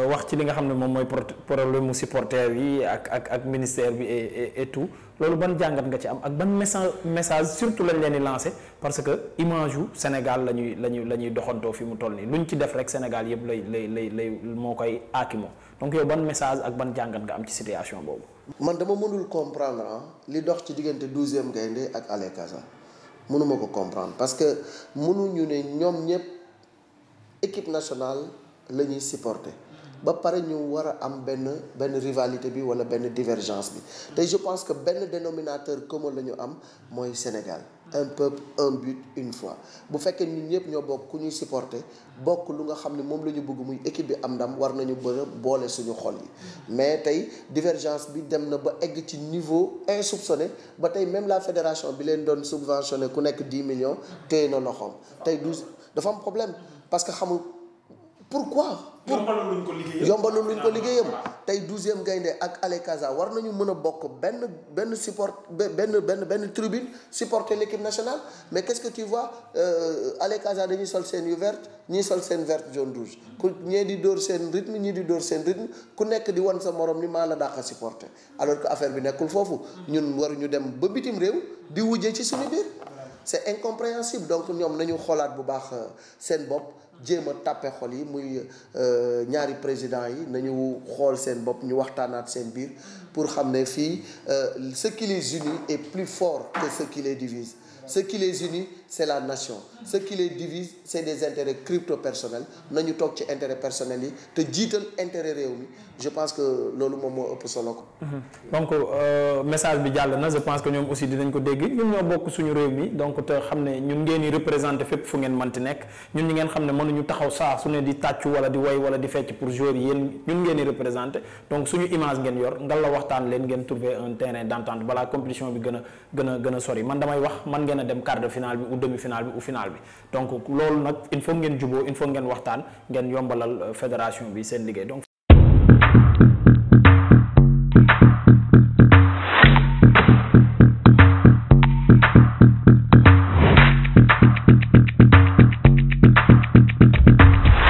wax ci li nga xam ne moom mooy problème mu supporter yi ak ak ak bi et et tout loolu ban jàngat nga ci am ak ban message message surtout lañ leen di lancé parce que image yu Sénégal la ñuy la ñuy la ñuy doxantoo fi mu toll nii ñu ci def rek Sénégal yëpp lay lay lay lay moo koy aakimoo donc yow ban message ak ban jàngat nga am ci situation boobu. man dama mënul comprendre ah li dox ci diggante douzième gaynde ak Allé Casa mënuma ko comprendre parce que mënuñu ne ñoom ñëpp équipe nationale la ñuy supporter. ba pare ñu war am benn benn rivalité bi wala benn divergence bi te je pense que benn dénominateur commun la ñu am mooy Sénégal un peuple un but une fois bu fekkee ñun ñëpp ñoo bokk ku ñuy supporter bokk lu nga xam ne moom la ñu bëgg muy équipe bi am ndam war nañu bëgg boole suñu xol yi mais tey divergence bi dem na ba egg ci niveau insoupçonné ba tey même la fédération bi leen doon subventionné ku nekk 10 millions téye na loxoom tey dafa am problème pourquoi. yombalu luñ ko liggéeyam ko liggéeyam tey douzième gaynde ak Ale Casa war nañu mën a bokk benn benn support benn benn benn tribune supporter l' équipe mais qu'est-ce que tu vois euh, Ale Casa dañuy sol seen yu verte ñii sol seen verte jaune rouge ku ñee di dóor seen rythme ñii di dóor seen rythme ku nekk di wan sa moroom ni maa la dàq a supporter alors que affaire bi nekkul foofu ñun waruñu dem ba bitim réew di wujje ci suñu biir c'est incompréhensible donc ñoom nañu xoolaat bu baax euh, seen bopp jéem a tàppe xol yi muy euh, ñaari président yi nañu xool seen bopp ñu waxtaanaat seen biir pour xam ne fii euh, ce qui les unit est plus fort que ce qui les divise ce qui les unit c'est la nation ce qui les divise c'est des intérêts crypto personnels nañu toog ci intérêt personnel yi te jiital intérêt réew mi je pense que loolu moom moo ëpp solo ko mhm. donc euh, message bi jàll na je pense que ñoom aussi dinañ ko dégg ñun ñoo bokk suñu réew mi donc te xam ne ñu taxaw saa su ne di tàccu wala di way wala di fecc pour joueurs yi yéen ñun ngeen représenté donc suñu image ngeen yor ngal la waxtaan leen ngeen trouver un terrain d'entente balaa compétition bi gën a gën a sori man damay wax man ngeen a dem quart de finale bi ou demi finale bi ou finale bi donc loolu nag il faut ngeen juboo il faut ngeen waxtaan ngeen yombalal euh, fédération bi seen liggéey donc